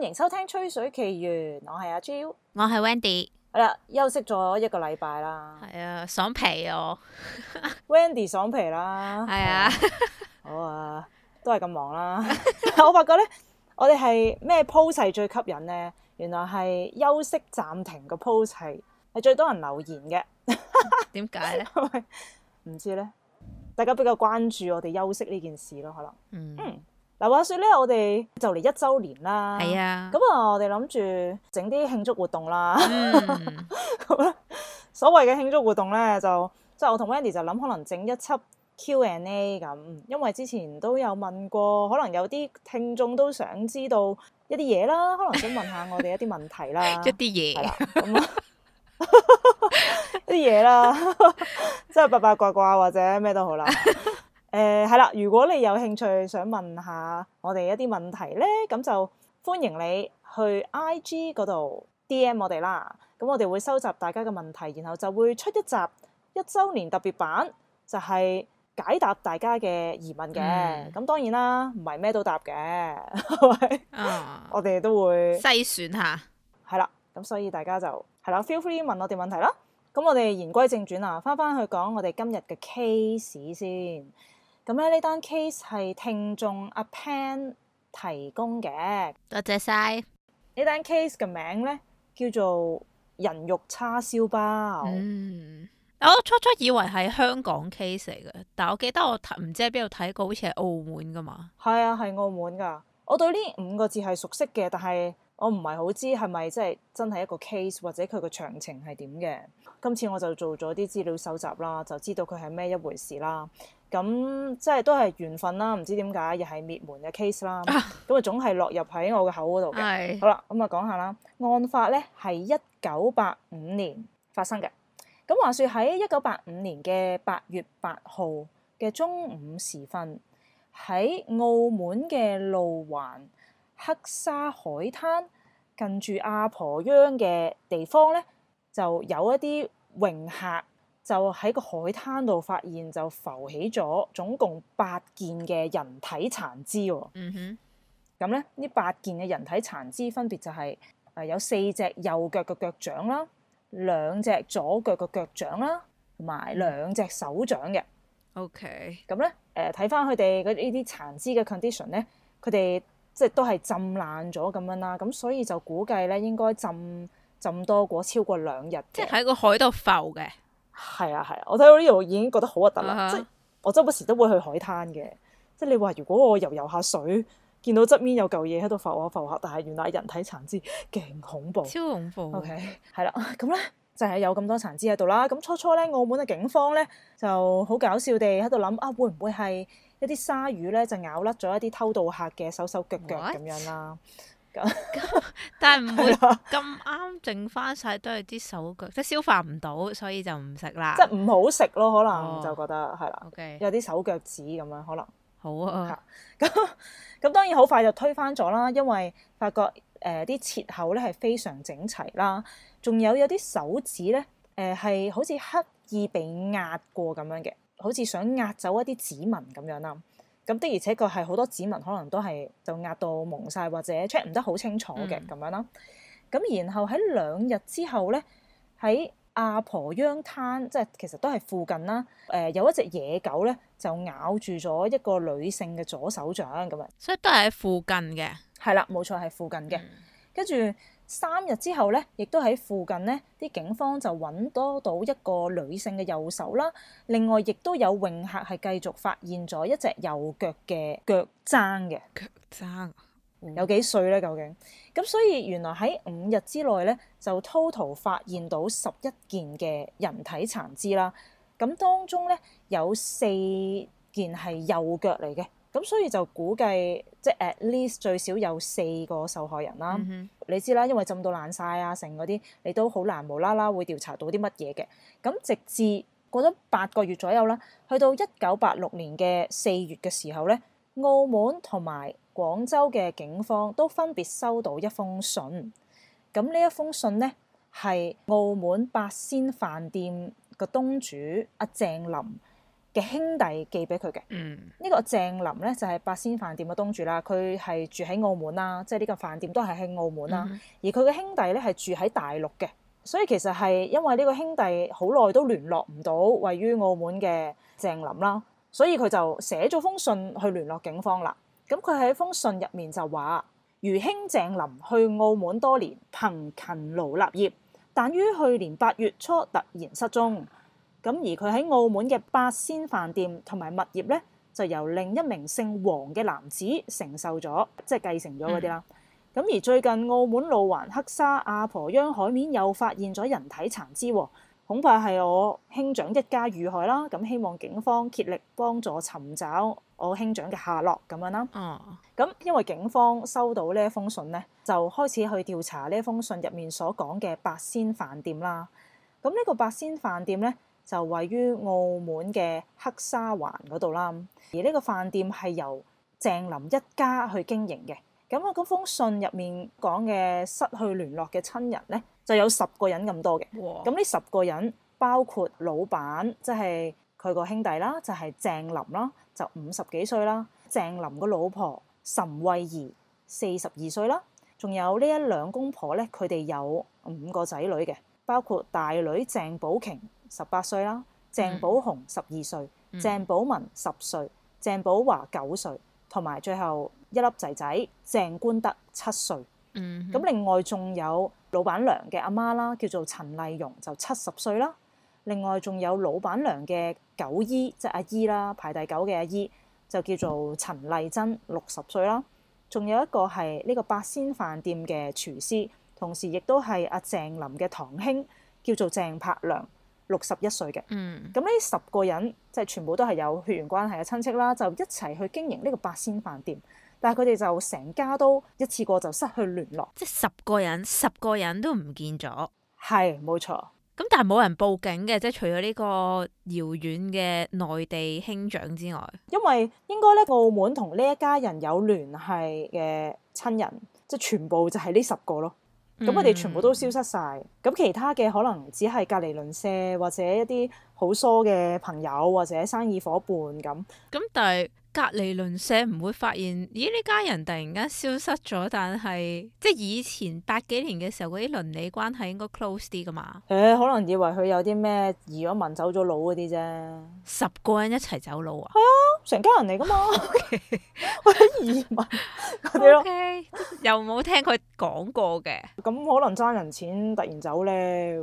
歡迎收聽《吹水奇緣》，我係阿 J，我係 Wendy。係啦、 嗯，休息咗一個禮拜啦。係啊，爽皮哦 ，Wendy 爽皮啦。係是啊、 嗯，好啊，都係咁忙啦、啊。 我發覺咧，我哋係咩 post 最吸引咧？原來係休息暫停個 post 係最多人留言嘅。點解咧？唔 知咧，大家比較關注我哋休息呢件事咯，可能嗯。嗱，話說咧，我哋就嚟一週年啦，係啊，咁啊，我哋諗住整啲慶祝活動啦。嗯、 所謂嘅慶祝活動咧，就即係我同 Wendy 就諗，可能整一輯 Q&A 咁，因為之前都有問過，可能有啲聽眾都想知道一啲嘢啦，可能想問下我哋一啲問題啦， 一啲嘢，啲嘢啦，即係 八八卦卦或者咩都好啦。 誒，係啦、呃，如果你有興趣想問下我哋一啲問題咧，咁就歡迎你去 IG 嗰度 DM 我哋啦。咁我哋會收集大家嘅問題，然後就會出一集一周年特別版，就係、是、解答大家嘅疑問嘅。咁、嗯、當然啦，唔係咩都答嘅， 啊、 我哋都會篩選下。係啦，咁所以大家就係啦，feel free 問我哋問題啦。咁我哋言歸正傳啊，返返去講我哋今日嘅 case 先。咁咧呢單 case 係聽眾阿 Pan 提供嘅，多謝晒謝。呢單 case 嘅名咧叫做人肉叉燒包。嗯，我初初以為係香港 case 嚟嘅，但係我記得我睇唔知喺邊度睇過，好似係澳門㗎嘛。係啊，係澳門㗎。我對呢五個字係熟悉嘅，但係。我唔係好知係咪即係真係一個 case，或者佢個詳情係點嘅？今次我就做咗啲資料搜集啦，就知道佢係咩一回事啦。咁即係都係緣分啦，唔知點解又係滅門嘅 case 啦。咁啊，總係落入喺我嘅口嗰度嘅。哎、好啦，咁啊講下啦。案發咧係一九八五年發生嘅。咁話說喺一九八五年嘅八月八號嘅中午時分，喺澳門嘅路環黑沙海灘。近住阿婆央嘅地方咧，就有一啲泳客就喺個海灘度發現，就浮起咗總共八件嘅人體殘肢喎。嗯哼，咁咧呢八件嘅人體殘肢分別就係、是、誒、呃、有四隻右腳嘅腳掌啦，兩隻左腳嘅腳掌啦，同埋兩隻手掌嘅。OK，咁咧誒睇翻佢哋呢啲殘肢嘅 condition 咧，佢、呃、哋。即係都係浸爛咗咁樣啦，咁所以就估計咧，應該浸浸多過超過兩日。即係喺個海度浮嘅。係啊係，啊，我睇到呢度已經覺得好核突啦。Uh huh. 即係我周不時都會去海灘嘅。即係你話如果我游游下水，見到側邊有嚿嘢喺度浮下浮下，但係原來人體殘肢，勁恐怖，超恐怖。OK，係啦，咁咧就係、是、有咁多殘肢喺度啦。咁初初咧，澳門嘅警方咧就好搞笑地喺度諗啊，會唔會係？一啲鯊魚咧就咬甩咗一啲偷渡客嘅手手腳腳咁 What? 樣啦，咁 但係唔會咁啱的剩翻晒都係啲手腳，即係消化唔到，所以就唔食啦。即係唔好食咯，可能就覺得係啦。O、oh, K，okay. 有啲手腳趾咁樣可能。好啊。咁咁當然好快就推翻咗啦，因為發覺誒啲、呃、切口咧係非常整齊啦，仲有有啲手指咧誒係好似刻意被壓過咁樣嘅。好似想壓走一啲指紋咁樣啦，咁的而且確係好多指紋可能都係就壓到蒙晒，或者 check 唔得好清楚嘅咁樣啦。咁、嗯、然後喺兩日之後咧，喺阿婆央灘即係其實都係附近啦。誒、呃、有一隻野狗咧就咬住咗一個女性嘅左手掌咁樣，所以都係喺附近嘅，係啦冇錯係附近嘅，跟住、嗯。三日之後咧，亦都喺附近呢啲警方就揾多到一個女性嘅右手啦。另外，亦都有泳客係繼續發現咗一隻右腳嘅腳踭嘅腳踭，腳端有幾歲咧？究竟咁，所以原來喺五日之內咧，就偷 o t a 發現到十一件嘅人體殘肢啦。咁當中咧有四件係右腳嚟嘅。咁所以就估計即係 at least 最少有四個受害人啦。Mm hmm. 你知啦，因為浸到爛晒啊，成嗰啲你都好難無啦啦會調查到啲乜嘢嘅。咁直至過咗八個月左右啦，去到一九八六年嘅四月嘅時候咧，澳門同埋廣州嘅警方都分別收到一封信。咁呢一封信咧係澳門八仙飯店嘅東主阿鄭林嘅兄弟寄俾佢嘅，嗯、個呢個鄭林咧就係、是、八仙飯店嘅東主啦。佢係住喺澳門啦，即係呢個飯店都係喺澳門啦。嗯、哼而佢嘅兄弟咧係住喺大陸嘅，所以其實係因為呢個兄弟好耐都聯絡唔到位於澳門嘅鄭林啦，所以佢就寫咗封信去聯絡警方啦。咁佢喺封信入面就話：餘興鄭林去澳門多年，憑勤勞立業，但於去年八月初突然失蹤。咁而佢喺澳門嘅八仙飯店同埋物業咧，就由另一名姓黃嘅男子承受咗，即係繼承咗嗰啲啦。咁、嗯、而最近澳門路環黑沙阿婆央海面又發現咗人體殘肢，恐怕係我兄長一家遇害啦。咁希望警方竭力幫助尋找我兄長嘅下落咁樣啦。哦、嗯。咁因為警方收到呢一封信咧，就開始去調查呢一封信入面所講嘅八仙飯店啦。咁呢個八仙飯店咧，就位於澳門嘅黑沙環嗰度啦。而呢個飯店係由鄭林一家去經營嘅。咁啊，嗰封信入面講嘅失去聯絡嘅親人咧，就有十個人咁多嘅。咁呢哇十個人包括老闆，即係佢個兄弟啦，就係、是、鄭林啦，就五十幾歲啦。鄭林個老婆岑慧儀四十二歲啦。仲有呢一兩公婆咧，佢哋有五個仔女嘅，包括大女鄭寶瓊，十八歲啦，鄭寶雄十二歲，嗯、鄭寶文十歲，鄭寶華九歲，同埋最後一粒仔仔鄭官德七歲。咁、嗯、哼另外仲有老闆娘嘅阿媽啦，叫做陳麗容，就七十歲啦。另外仲有老闆娘嘅九姨，即係阿姨啦，排第九嘅阿姨就叫做陳麗珍，六十歲啦。仲、嗯、有一個係呢個八仙飯店嘅廚師，同時亦都係阿鄭林嘅堂兄，叫做鄭柏良。六十一歲嘅，咁呢、嗯、十個人即係、就是、全部都係有血緣關係嘅親戚啦，就一齊去經營呢個八仙飯店，但係佢哋就成家都一次過就失去聯絡，即係十個人，十個人都唔見咗，係冇錯。咁但係冇人報警嘅，即係除咗呢個遙遠嘅內地兄長之外，因為應該呢澳門同呢一家人有聯繫嘅親人，即係全部就係呢十個咯。咁佢哋全部都消失晒，咁其他嘅可能只係隔離鄰舍或者一啲好疏嘅朋友或者生意伙伴咁。咁、嗯、但係隔離鄰舍唔會發現，咦呢家人突然間消失咗，但係即係以前八幾年嘅時候嗰啲鄰里關係應該 close 啲噶嘛？誒、欸，可能以為佢有啲咩移咗民走咗佬嗰啲啫。十個人一齊走佬啊？啊成家人嚟噶嘛？或者移民又冇聽佢講過嘅。咁可能爭人錢突然走咧。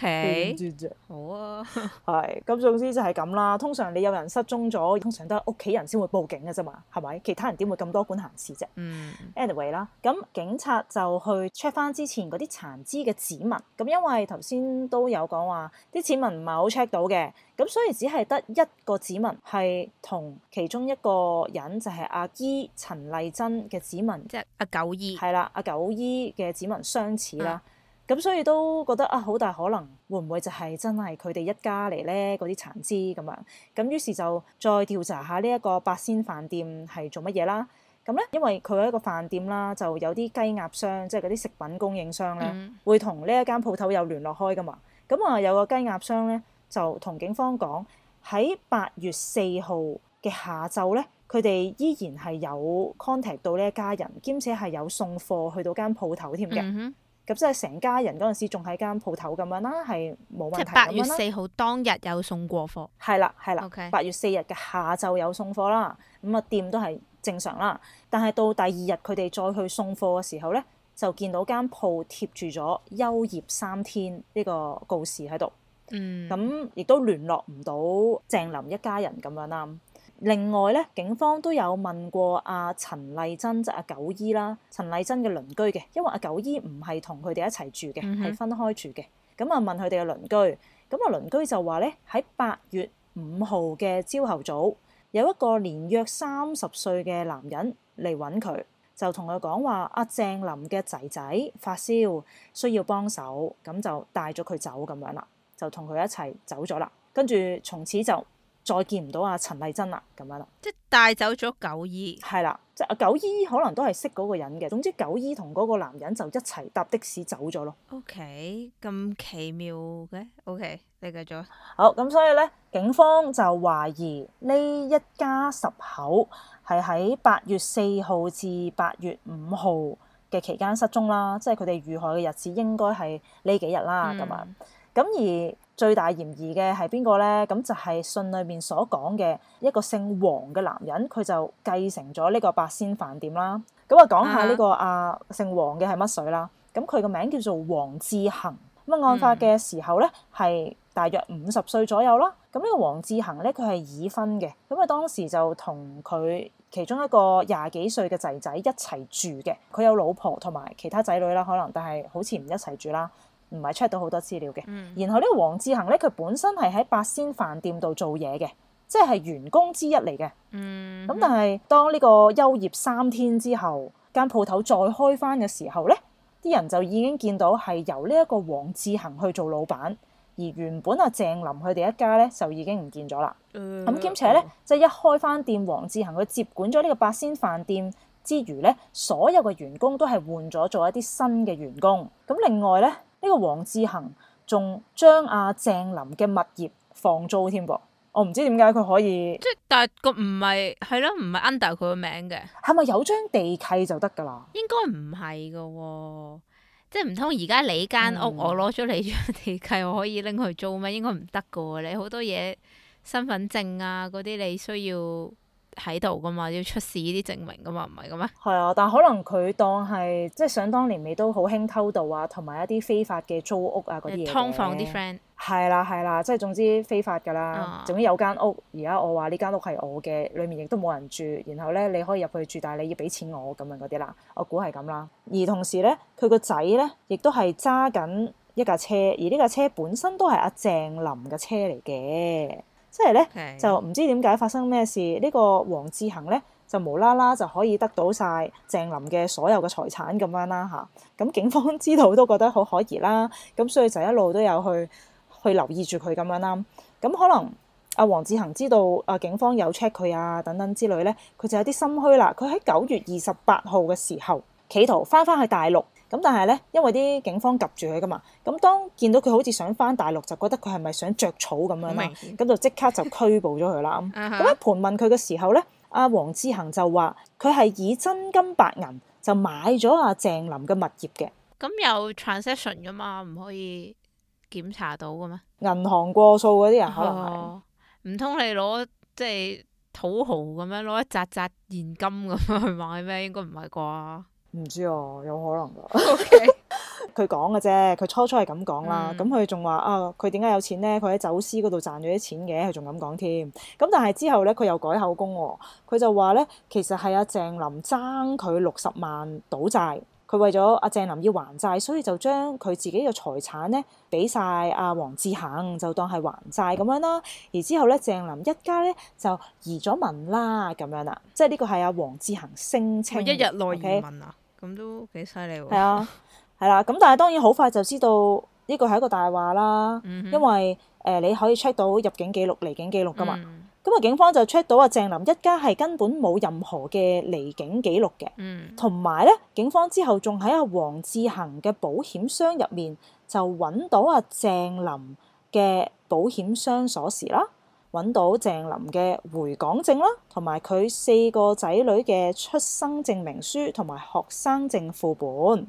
點知啫？好啊，係。 咁總之就係咁啦。通常你有人失蹤咗，通常都屋企人先會報警嘅啫嘛，係咪？其他人點會咁多管閒事啫？嗯。Anyway 啦，咁警察就去 check 翻之前嗰啲殘肢嘅指紋。咁因為頭先都有講話，啲指紋唔係好 check 到嘅。咁所以只係得一個指紋，係同其中一個人就係、是、阿姨陳麗珍嘅指紋，即係阿九姨，係啦，阿九姨嘅指紋相似啦。咁、嗯、所以都覺得啊，好大可能會唔會就係真係佢哋一家嚟咧？嗰啲殘肢咁樣，咁於是就再調查下呢一個八仙飯店係做乜嘢啦？咁咧，因為佢有一個飯店啦，就有啲雞鴨商，即係嗰啲食品供應商咧，嗯、會同呢一間鋪頭有聯絡開噶嘛。咁啊，有個雞鴨商咧。就同警方講，喺八月四號嘅下晝咧，佢哋依然係有 contact 到呢一家人，兼且係有送貨去到間鋪頭添嘅。咁即係成家人嗰陣時仲喺間鋪頭咁樣啦，係冇問題。八月四號當日有送過貨。係啦，係啦。Okay. 八月四日嘅下晝有送貨啦。咁啊，店都係正常啦。但係到第二日佢哋再去送貨嘅時候咧，就見到間鋪貼住咗休業三天呢個告示喺度。咁亦、嗯、都聯絡唔到鄭林一家人咁樣啦。另外咧，警方都有問過阿、啊、陳麗珍就阿九姨啦。陳麗珍嘅鄰居嘅，因為阿九姨唔係同佢哋一齊住嘅，係、嗯、哼分開住嘅。咁啊，問佢哋嘅鄰居，咁啊，鄰居就話咧喺八月五號嘅朝頭早，有一個年約三十歲嘅男人嚟揾佢，就同佢講話阿、啊、鄭林嘅仔仔發燒，需要幫手，咁就帶咗佢走咁樣啦。就同佢一齊走咗啦，跟住從此就再見唔到阿陳麗珍啦，咁樣啦，即係帶走咗九姨，係啦，即係阿九姨可能都係識嗰個人嘅。總之九姨同嗰個男人就一齊搭的士走咗咯。OK，咁奇妙嘅？OK，你繼續。好，咁所以咧，警方就懷疑呢一家十口係喺八月四號至八月五號嘅期間失蹤啦，即係佢哋遇害嘅日子應該係呢幾日啦，咁樣、嗯。咁而最大嫌疑嘅係邊個咧？咁就係信裏面所講嘅一個姓黃嘅男人，佢就繼承咗呢個八仙飯店啦。咁、呢個 uh huh. 啊，講下呢個阿姓黃嘅係乜水啦？咁佢個名叫做黃志恒。咁啊，案發嘅時候咧，係大約五十歲左右啦。咁呢個黃志恒咧，佢係已婚嘅。咁啊，當時就同佢其中一個廿幾歲嘅仔仔一齊住嘅。佢有老婆同埋其他仔女啦，可能但係好似唔一齊住啦。唔係出到好多資料嘅。嗯、然後呢個，黃志恒咧，佢本身係喺八仙飯店度做嘢嘅，即係係員工之一嚟嘅。咁、嗯、但係當呢個休業三天之後，間鋪頭再開翻嘅時候咧，啲人就已經見到係由呢一個黃志恒去做老闆，而原本阿、啊、鄭林佢哋一家咧就已經唔見咗啦。咁兼、嗯、且咧，即係一開翻店，黃志恒佢接管咗呢個八仙飯店之餘咧，所有嘅員工都係換咗做一啲新嘅員工。咁另外咧。呢個黃志恒仲將阿鄭林嘅物業放租添噃，我唔知點解佢可以。即係但係個唔係係咯，唔係、啊、under 佢個名嘅。係咪有張地契就得㗎啦？應該唔係㗎，即係唔通而家你間屋，嗯、我攞咗你張地契，我可以拎去租咩？應該唔得㗎喎，你好多嘢身份證啊嗰啲，你需要。喺度噶嘛，要出示呢啲證明噶嘛，唔係嘅咩？係啊，但係可能佢當係即係想當年你都好興偷渡啊，同埋一啲非法嘅租屋啊嗰啲嘢嘅。劏房啲 friend。係啦係啦，即係、啊啊、總之非法㗎啦。啊、總之有間屋，而家我話呢間屋係我嘅，裡面亦都冇人住，然後咧你可以入去住，但係你要俾錢我咁樣嗰啲啦。我估係咁啦。而同時咧，佢個仔咧亦都係揸緊一架車，而呢架車本身都係阿鄭林嘅車嚟嘅。即係咧，就唔知點解發生咩事？呢個黃志恒咧就無啦啦就可以得到晒鄭林嘅所有嘅財產咁樣啦嚇。咁警方知道都覺得好可疑啦，咁所以就一路都有去去留意住佢咁樣啦。咁可能阿黃志恒知道阿警方有 check 佢啊等等之類咧，佢就有啲心虛啦。佢喺九月二十八號嘅時候企圖翻翻去大陸。咁但係咧，因為啲警方及住佢噶嘛，咁當見到佢好似想翻大陸，就覺得佢係咪想着草咁樣明啊？咁就即刻就拘捕咗佢啦。咁喺、 嗯、盤問佢嘅時候咧，阿黃志恆就話佢係以真金白銀就買咗阿、啊、鄭林嘅物業嘅。咁有 transaction 噶嘛？唔可以檢查到嘅咩？銀行過數嗰啲人可能係，唔通你攞即係土豪咁樣攞一紮紮現金咁去買咩？應該唔係啩？唔知哦，有可能噶。佢講嘅啫，佢初初係咁講啦。咁佢仲話啊，佢點解有錢咧？佢喺走私嗰度賺咗啲錢嘅，佢仲咁講添。咁但係之後咧，佢又改口供、哦。佢就話咧，其實係阿、啊、鄭林爭佢六十萬賭債。佢為咗阿、啊、鄭林要還債，所以就將佢自己嘅財產咧俾晒阿黃志恆，就當係還債咁樣啦。而之後咧，鄭林一家咧就移咗民啦，咁樣啦。即係呢個係阿黃志恆聲稱一日內移, Okay? 移民啊。咁都幾犀利喎！係 啊，係啦、啊，咁但係當然好快就知道呢個係一個大話啦，嗯、哼因為誒、呃、你可以 check 到入境記錄、離境記錄噶嘛，咁啊、嗯、警方就 check 到阿、啊、鄭林一家係根本冇任何嘅離境記錄嘅，同埋咧警方之後仲喺阿黃志恒嘅保險箱入面就揾到阿、啊、鄭林嘅保險箱鎖匙啦。揾到鄭林嘅回港證啦，同埋佢四個仔女嘅出生證明書同埋學生證副本。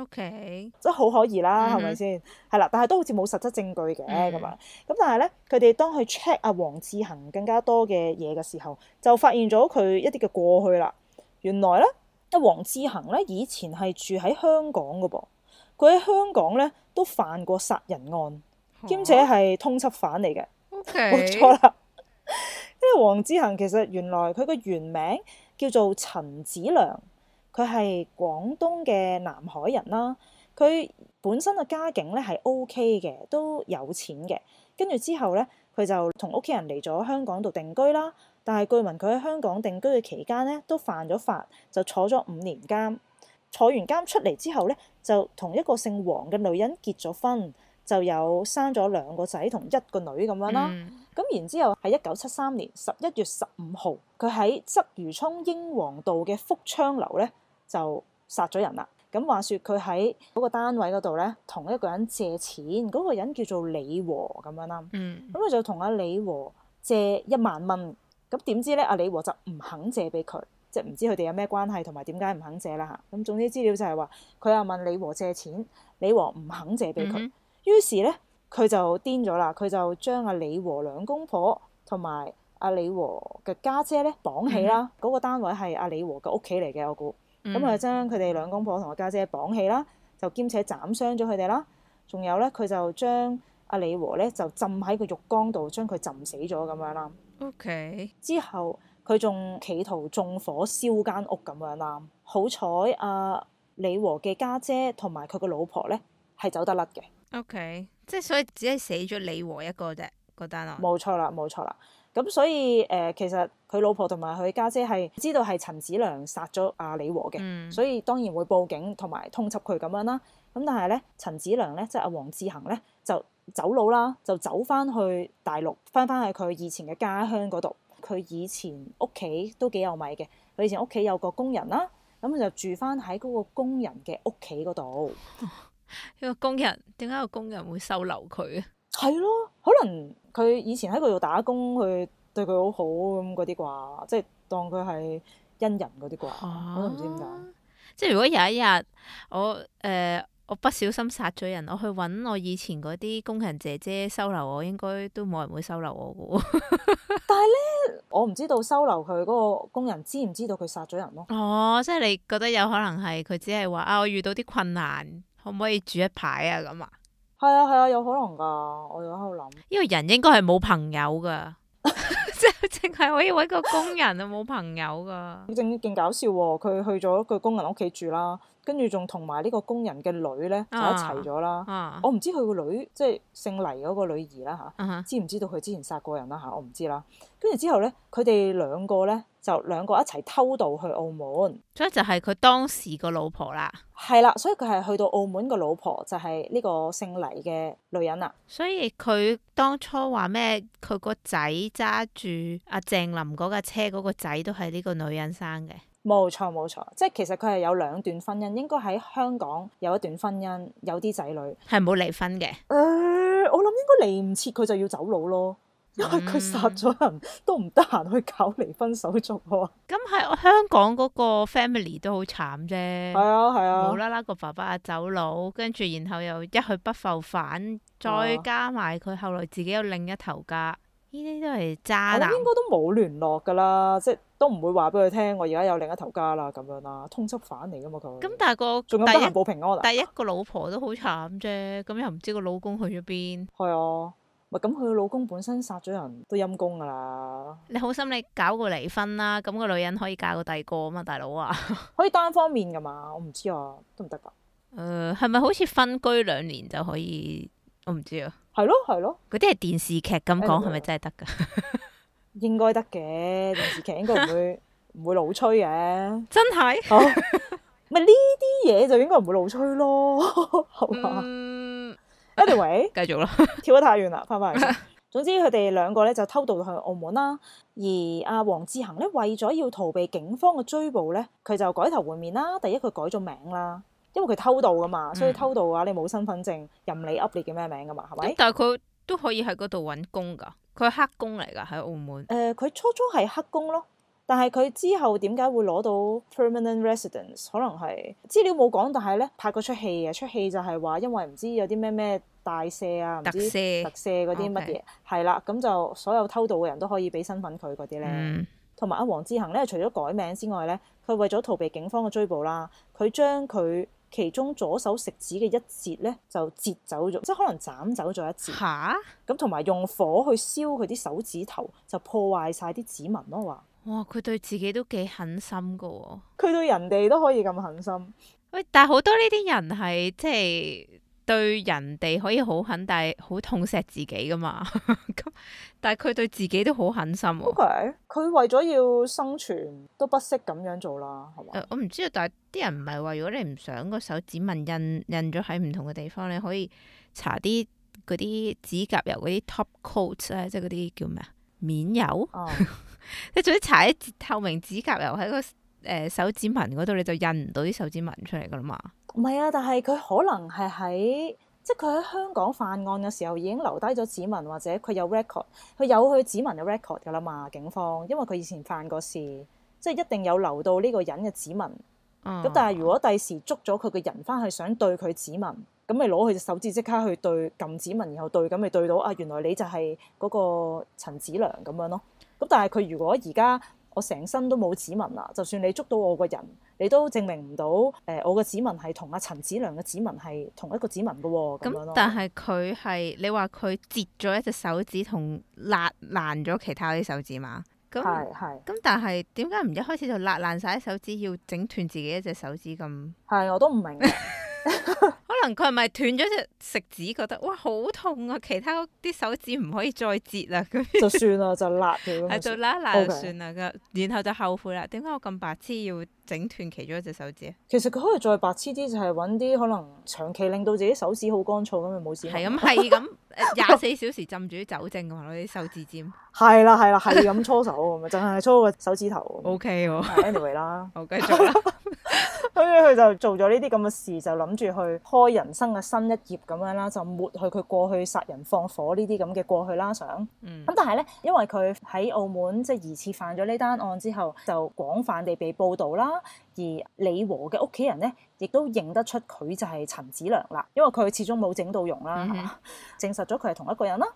OK，即係好可疑啦，係咪先？係、hmm. 啦，但係都好似冇實質證據嘅咁啊。咁、mm hmm. 但係咧，佢哋當去 check 阿黃志恒更加多嘅嘢嘅時候，就發現咗佢一啲嘅過去啦。原來咧，阿黃志恒咧以前係住喺香港噶噃，佢喺香港咧都犯過殺人案，兼且係通緝犯嚟嘅。冇 Okay. 錯啦，因為黃志恆其實原來佢個原名叫做陳子良，佢係廣東嘅南海人啦。佢本身嘅家境咧係 O K 嘅，都有錢嘅。跟住之後咧，佢就同屋企人嚟咗香港度定居啦。但係據聞佢喺香港定居嘅期間咧，都犯咗法，就坐咗五年監。坐完監出嚟之後咧，就同一個姓黃嘅女人結咗婚。就有生咗兩個仔同一個女咁樣啦、啊。咁、mm hmm. 然之後喺一九七三年十一月十五號，佢喺鰂魚涌英皇道嘅福昌樓咧就殺咗人啦。咁話說佢喺嗰個單位嗰度咧，同一個人借錢，嗰、嗰個人叫做李和咁樣啦、啊。咁佢、mm hmm. 就同阿李和借一萬蚊。咁點知咧，阿李和就唔肯借俾佢，即係唔知佢哋有咩關係，同埋點解唔肯借啦？吓咁總之資料就係話佢又問李和借錢，李和唔肯借俾佢。Mm hmm. 於是咧，佢就癲咗啦。佢就將阿李和兩公婆同埋阿李和嘅家姐咧綁起啦。嗰、嗯、個單位係阿李和嘅屋企嚟嘅，我估咁啊，將佢哋兩公婆同阿家姐綁起啦，就兼且斬傷咗佢哋啦。仲有咧，佢就將阿李和咧就浸喺個浴缸度，將佢浸死咗咁樣啦。OK，之後佢仲企圖縱火燒間屋咁樣啦。好彩、啊、阿李和嘅家姐同埋佢個老婆咧係走得甩嘅。O、okay. K，即係所以只係死咗李和一個啫，嗰單啊，冇錯啦，冇錯啦。咁所以誒、呃，其實佢老婆同埋佢家姐係知道係陳子良殺咗阿李和嘅，嗯、所以當然會報警同埋通緝佢咁樣啦。咁但係咧，陳子良咧，即係阿黃志恆咧，就走佬啦，就走翻去大陸，翻翻去佢以前嘅家鄉嗰度。佢以前屋企都幾有米嘅，佢以前屋企有個工人啦，咁就住翻喺嗰個工人嘅屋企嗰度。 呢個工人，點解個工人會收留佢啊？係咯，可能佢以前喺佢度打工，佢對佢好好咁嗰啲啩，即係當佢係恩人嗰啲啩。啊、我都唔知點解。即係如果有一日我誒、呃、我不小心殺咗人，我去搵我以前嗰啲工人姐姐收留我，應該都冇人會收留我噶。 但係咧，我唔知道收留佢嗰，嗰個工人知唔知道佢殺咗人咯？哦，即係你覺得有可能係佢只係話啊，我遇到啲困難。可唔可以住一排啊？咁啊，係啊，係啊，有可能噶，我而家喺度諗。呢個人應該係冇朋友噶，即係淨係可以搵個工人啊，冇朋友噶。你正勁搞笑喎，佢去咗佢工人屋企住啦。跟住仲同埋呢個工人嘅女咧就一齊咗啦。啊啊、我唔知佢個女即係姓黎嗰個女兒啦吓？啊、哈知唔知道佢之前殺過人啦、啊、吓？我唔知啦。跟住之後咧，佢哋兩個咧就兩個一齊偷渡去澳門。所以就係佢當時個老婆啦，係啦，所以佢係去到澳門個老婆就係、是、呢個姓黎嘅女人啦。所以佢當初話咩？佢個仔揸住阿鄭林嗰架車嗰個仔都係呢個女人生嘅。冇錯冇錯，即係其實佢係有兩段婚姻，應該喺香港有一段婚姻，有啲仔女，係冇離婚嘅。誒、呃，我諗應該離唔切佢就要走佬咯，因為佢殺咗人、嗯、都唔得閒去搞離婚手續喎。咁、哦、係、嗯、香港嗰個 family 都好慘啫。係啊係啊，啊無啦啦個爸爸啊走佬，跟住然後又一去不復返，再加埋佢後來自己有另一頭家。呢啲都係渣男，嗯、應該都冇聯絡噶啦，即係都唔會話俾佢聽我而家有另一頭家啦咁樣啦，通緝犯嚟噶嘛佢。咁但係個仲有得尋報平安？第一個老婆都好慘啫，咁又唔知個老公去咗邊？係 啊，咪咁佢老公本身殺咗人都陰功噶啦。你好心你搞個離婚啦，咁個女人可以嫁個第二個啊嘛，大佬啊？ 可以單方面噶嘛？我唔知啊，都唔得噶。誒、呃，係咪好似分居兩年就可以？我唔知啊，係咯係咯，嗰啲係電視劇咁講，係咪的真係得噶？應該得嘅，電視劇應該唔會唔 會老吹嘅，真係的，咪呢啲嘢就應該唔會老吹咯，好嘛？Anyway，繼續啦，跳得太遠啦，返返嚟。 總之佢哋兩個咧就偷渡去澳門啦，而阿黃志恒咧為咗要逃避警方嘅追捕咧，佢就改頭換面啦，第一佢改咗名啦。因為佢偷渡噶嘛，嗯、所以偷渡嘅話你冇身份證，任你噏你叫咩名噶嘛，係咪？但係佢都可以喺嗰度搵工噶，佢係黑工嚟噶喺澳門。誒、呃，佢初初係黑工咯，但係佢之後點解會攞到 permanent residence？可能係資料冇講，但係咧拍嗰出戲，出戲就係話，因為唔知有啲咩咩大赦啊，唔色知特赦、嗰啲乜嘢，係、okay. 啦、嗯，咁就所有偷渡嘅人都可以俾身份佢嗰啲咧。同埋阿黃之恒咧，除咗改名之外咧，佢為咗逃避警方嘅追捕啦，佢將佢。其中左手食指嘅一節咧，就截走咗，即係可能斬走咗一節吓，咁同埋用火去燒佢啲手指頭，就破壞晒啲指紋咯。話哇，佢對自己都幾狠心噶喎、哦。佢對人哋都可以咁狠心。喂，但係好多呢啲人係即係。就是對人哋可以好狠，但係好痛錫自己噶嘛？咁 但係佢對自己都好狠心、啊。o、okay，佢為咗要生存，都不惜咁樣做啦，係嘛、嗯？我唔知啊。但係啲人唔係話，如果你唔想個手指紋印印咗喺唔同嘅地方，你可以搽啲嗰啲指甲油嗰啲 top coat 咧，即係嗰啲叫咩啊？面油。你最屘搽啲透明指甲油喺個誒手指紋嗰度，你就印唔到啲手指紋出嚟噶啦嘛？唔係啊，但係佢可能係喺即係佢喺香港犯案嘅時候已經留低咗指紋，或者佢有 record，佢有佢指紋嘅 record 噶啦嘛，警方，因為佢以前犯過事，即係一定有留到呢個人嘅指紋。咁、嗯、但係如果第時捉咗佢個人翻去想對佢指紋，咁咪攞佢隻手指即刻去對撳指紋，然後對咁咪對到啊，原來你就係嗰個陳子良咁樣咯。咁但係佢如果而家，我成身都冇指紋啦，就算你捉到我個人，你都證明唔到誒我個指紋係同阿陳子良嘅指紋係同一個指紋嘅喎、哦。咁但係佢係你話佢截咗一隻手指同焫爛咗其他啲手指嘛？咁咁但係點解唔一開始就焫爛晒啲手指，要整斷自己一隻手指咁？係我都唔明。 可能佢係咪斷咗隻食指，覺得哇好痛啊！其他啲手指唔可以再折啦，咁就算啦， 就辣咗，係啦，辣就算啦，Okay. 然後就後悔啦，點解我咁白痴要？整斷其中一隻手指啊！其實佢可以再白痴啲，就係揾啲可能長期令到自己手指好乾燥咁，就冇事。係咁，係咁，廿四小時浸住啲酒精咁攞啲手指尖。係啦，係啦，係咁搓手，咪 就係搓個手指頭。O K 喎，anyway 啦， 好繼續啦。所以佢就做咗呢啲咁嘅事，就諗住去開人生嘅新一頁咁樣啦，就抹去佢過去殺人放火呢啲咁嘅過去啦，想。嗯。咁但係咧，因為佢喺澳門即係疑似犯咗呢單案之後，就廣泛地被報導啦。而李和嘅屋企人咧，亦都認得出佢就係陳子良啦，因為佢始終冇整到容啦嚇，mm hmm. 證實咗佢係同一個人啦。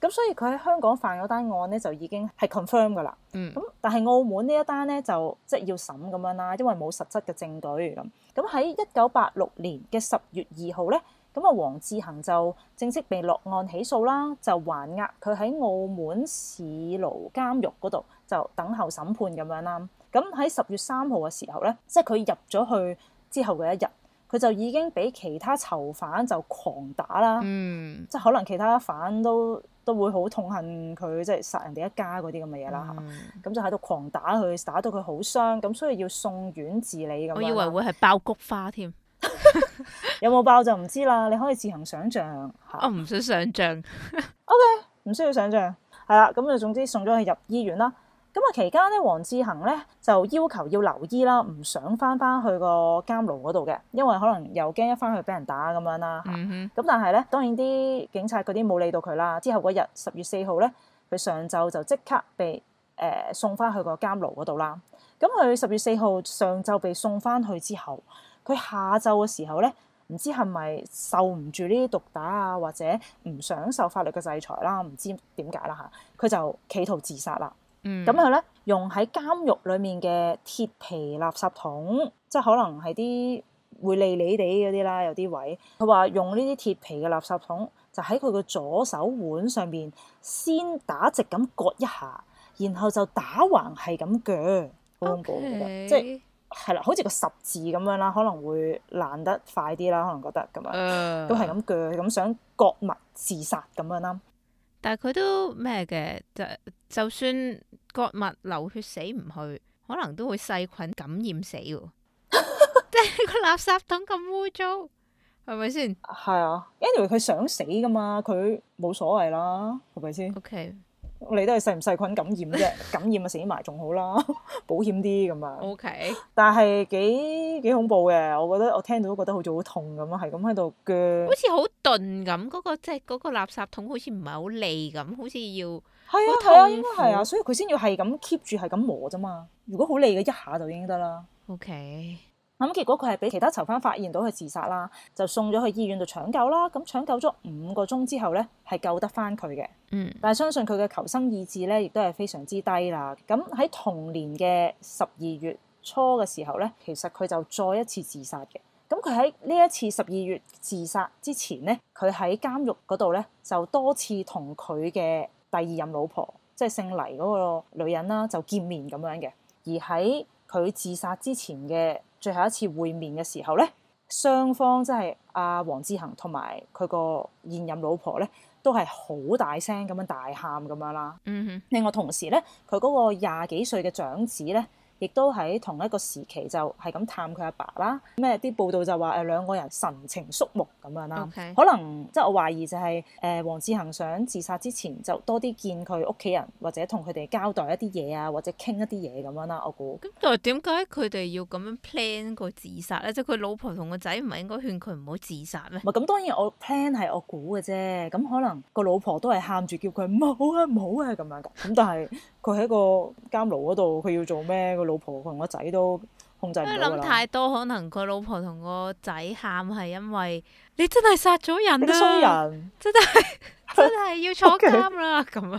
咁所以佢喺香港犯嗰單案咧，就已經係 confirm 噶啦。嗯、mm，咁、hmm. 但係澳門一呢一單咧，就即係要審咁樣啦，因為冇實質嘅證據。咁咁喺一九八六年嘅十月二號咧，咁啊黃志恒就正式被落案起訴啦，就還押佢喺澳門市勞監獄嗰度就等候審判咁樣啦。咁喺十月三號嘅時候咧，即係佢入咗去之後嘅一日，佢就已經俾其他囚犯就狂打啦。嗯，即係可能其他犯都都會好痛恨佢，即係殺人哋一家嗰啲咁嘅嘢啦。嚇、嗯，咁、嗯、就喺度狂打佢，打到佢好傷，咁所以要送院治理。咁，我以為會係爆菊花添， 有冇爆就唔知啦。你可以自行想象嚇。我唔想想象。O K，唔需要想象。係啦，咁就總之送咗佢入醫院啦。咁啊，期間咧，黃志恒咧就要求要留醫啦，唔想翻翻去個監牢嗰度嘅，因為可能又驚一翻去俾人打咁樣啦。咁、嗯哼啊、但係咧，當然啲警察嗰啲冇理到佢啦。之後嗰日十月四號咧，佢上晝就即刻被誒、呃、送翻去個監牢嗰度啦。咁佢十月四號上晝被送翻去之後，佢下晝嘅時候咧，唔知係咪受唔住呢啲毒打啊，或者唔想受法律嘅制裁、啊、啦，唔知點解啦嚇，佢就企圖自殺啦。咁佢咧用喺監獄裏面嘅鐵皮垃圾桶，即係可能係啲會利利哋嗰啲啦，有啲位。佢話用呢啲鐵皮嘅垃圾桶，就喺佢個左手腕上邊先打直咁割一下，然後就打橫係咁鋸，好 Okay. 恐怖 Okay. 即係係啦，好似個十字咁樣啦，可能會爛得快啲啦，可能覺得咁樣，咁係咁鋸咁想割脈自殺咁樣啦。但係佢都咩嘅，就就算割脈流血死唔去，可能都會細菌感染死噶。即係個垃圾桶咁污糟，係咪先？係啊，Andrew 佢想死噶嘛，佢冇所謂啦，係咪先？OK。你都係細唔細菌感染啫，感染啊死埋仲好啦，保險啲咁啊。OK，但係幾幾恐怖嘅，我覺得我聽到都覺得好似、呃、好痛咁啊，係咁喺度鋸。好似好鈍咁，嗰個即係嗰個垃圾桶好似唔係好利咁，好似要。係啊，痛苦啊，應該係啊，所以佢先要係咁 keep 住係咁磨啫嘛。如果好利嘅一下就已經得啦。OK。咁結果佢係俾其他囚犯發現到佢自殺啦，就送咗去醫院度搶救啦。咁搶救咗五個鐘之後咧，係救得翻佢嘅。嗯，但係相信佢嘅求生意志咧，亦都係非常之低啦。咁喺同年嘅十二月初嘅時候咧，其實佢就再一次自殺嘅。咁佢喺呢一次十二月自殺之前咧，佢喺監獄嗰度咧就多次同佢嘅第二任老婆，即係姓黎嗰個女人啦，就見面咁樣嘅。而喺佢自殺之前嘅最後一次會面嘅時候咧，雙方即係阿黃志恒同埋佢個現任老婆咧，都係好大聲咁樣大喊咁樣啦。嗯哼。另外同時咧，佢嗰個廿幾歲嘅長子咧，亦都喺同一個時期就係咁探佢阿爸啦，咩啲報道就話誒兩個人神情肅穆咁樣啦，Okay. 可能即係我懷疑就係誒黃志恒想自殺之前就多啲見佢屋企人或者同佢哋交代一啲嘢啊，或者傾一啲嘢咁樣啦，我估。咁但係點解佢哋要咁樣 plan 個自殺咧？即係佢老婆同個仔唔係應該勸佢唔好自殺咩？咁當然我 plan 係我估嘅啫，咁可能個老婆都係喊住叫佢冇啊冇啊咁、啊、樣㗎，咁但係佢喺個監牢嗰度佢要做咩？ 老婆同個仔都控制唔到啦。因為諗太多，可能佢老婆同個仔喊係因為你真係殺咗人啦，啊！殺人真係真係要坐監啦咁啊！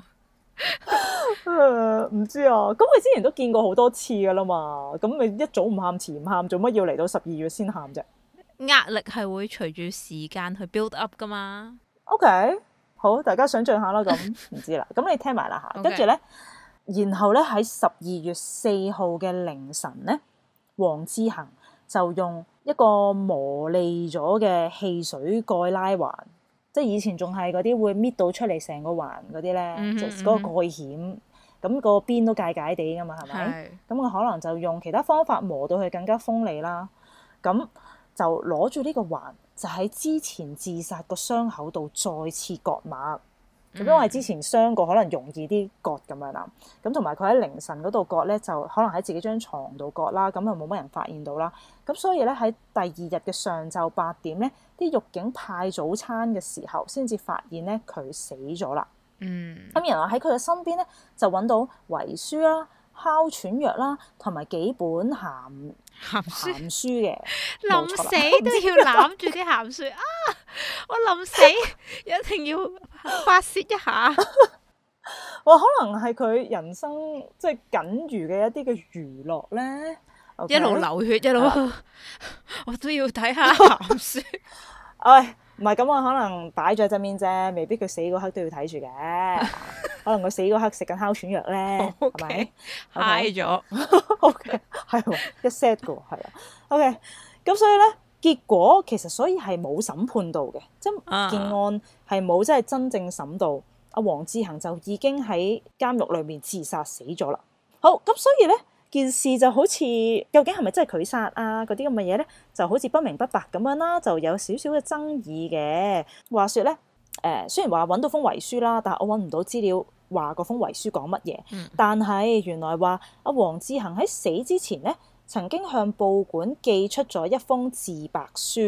唔知啊，咁佢之前都見過好多次噶啦嘛，咁你一早唔喊，遲唔喊，做乜要嚟到十二月先喊啫？壓力係會隨住時間去 build up 噶嘛。OK，好，大家想象下啦，咁唔知啦，咁你聽埋啦嚇，跟住咧。然後咧喺十二月四號嘅凌晨咧，王志恒就用一個磨利咗嘅汽水蓋拉環，即係以前仲係嗰啲會搣到出嚟成個環嗰啲咧，即係嗰個蓋險，咁個邊都界界地噶嘛，係咪？咁佢是可能就用其他方法磨到佢更加鋒利啦，咁就攞住呢個環，就喺之前自殺個傷口度再次割脈。咁因為之前傷過，可能容易啲割咁樣啦。咁同埋佢喺凌晨嗰度割咧，就可能喺自己張床度割啦。咁啊冇乜人發現到啦。咁所以咧喺第二日嘅上晝八點咧，啲獄警派早餐嘅時候，先至發現咧佢死咗啦。嗯。咁然後喺佢嘅身邊咧，就揾到遺書啦。哮喘藥啦，同埋幾本鹹鹹書嘅，臨死 都要攬住啲鹹書啊！我臨死 一定要發泄一下。我 可能係佢人生即係僅餘嘅一啲嘅娛樂咧，一路流血一路， 我都要睇下鹹書。 哎。唔係咁，我可能擺咗喺側面啫，未必佢死嗰刻都要睇住嘅。可能佢死嗰刻食緊哮喘藥咧，係咪 high 咗？OK 係一 set 嘅，係啊。OK 咁所以咧，結果其實所以係冇審判到嘅，啊、即係件、這個、案係冇真係真正審到。阿黃志恒就已經喺監獄裏面自殺死咗啦。好咁，所以咧。件事就好似究竟係咪真係佢殺啊嗰啲咁嘅嘢咧，就好似不明不白咁樣啦，就有少少嘅爭議嘅。話說咧，誒、呃、雖然話揾到封遺書啦，但我揾唔到資料話嗰封遺書講乜嘢。嗯、但係原來話阿黃志恒喺死之前咧，曾經向報館寄出咗一封自白書。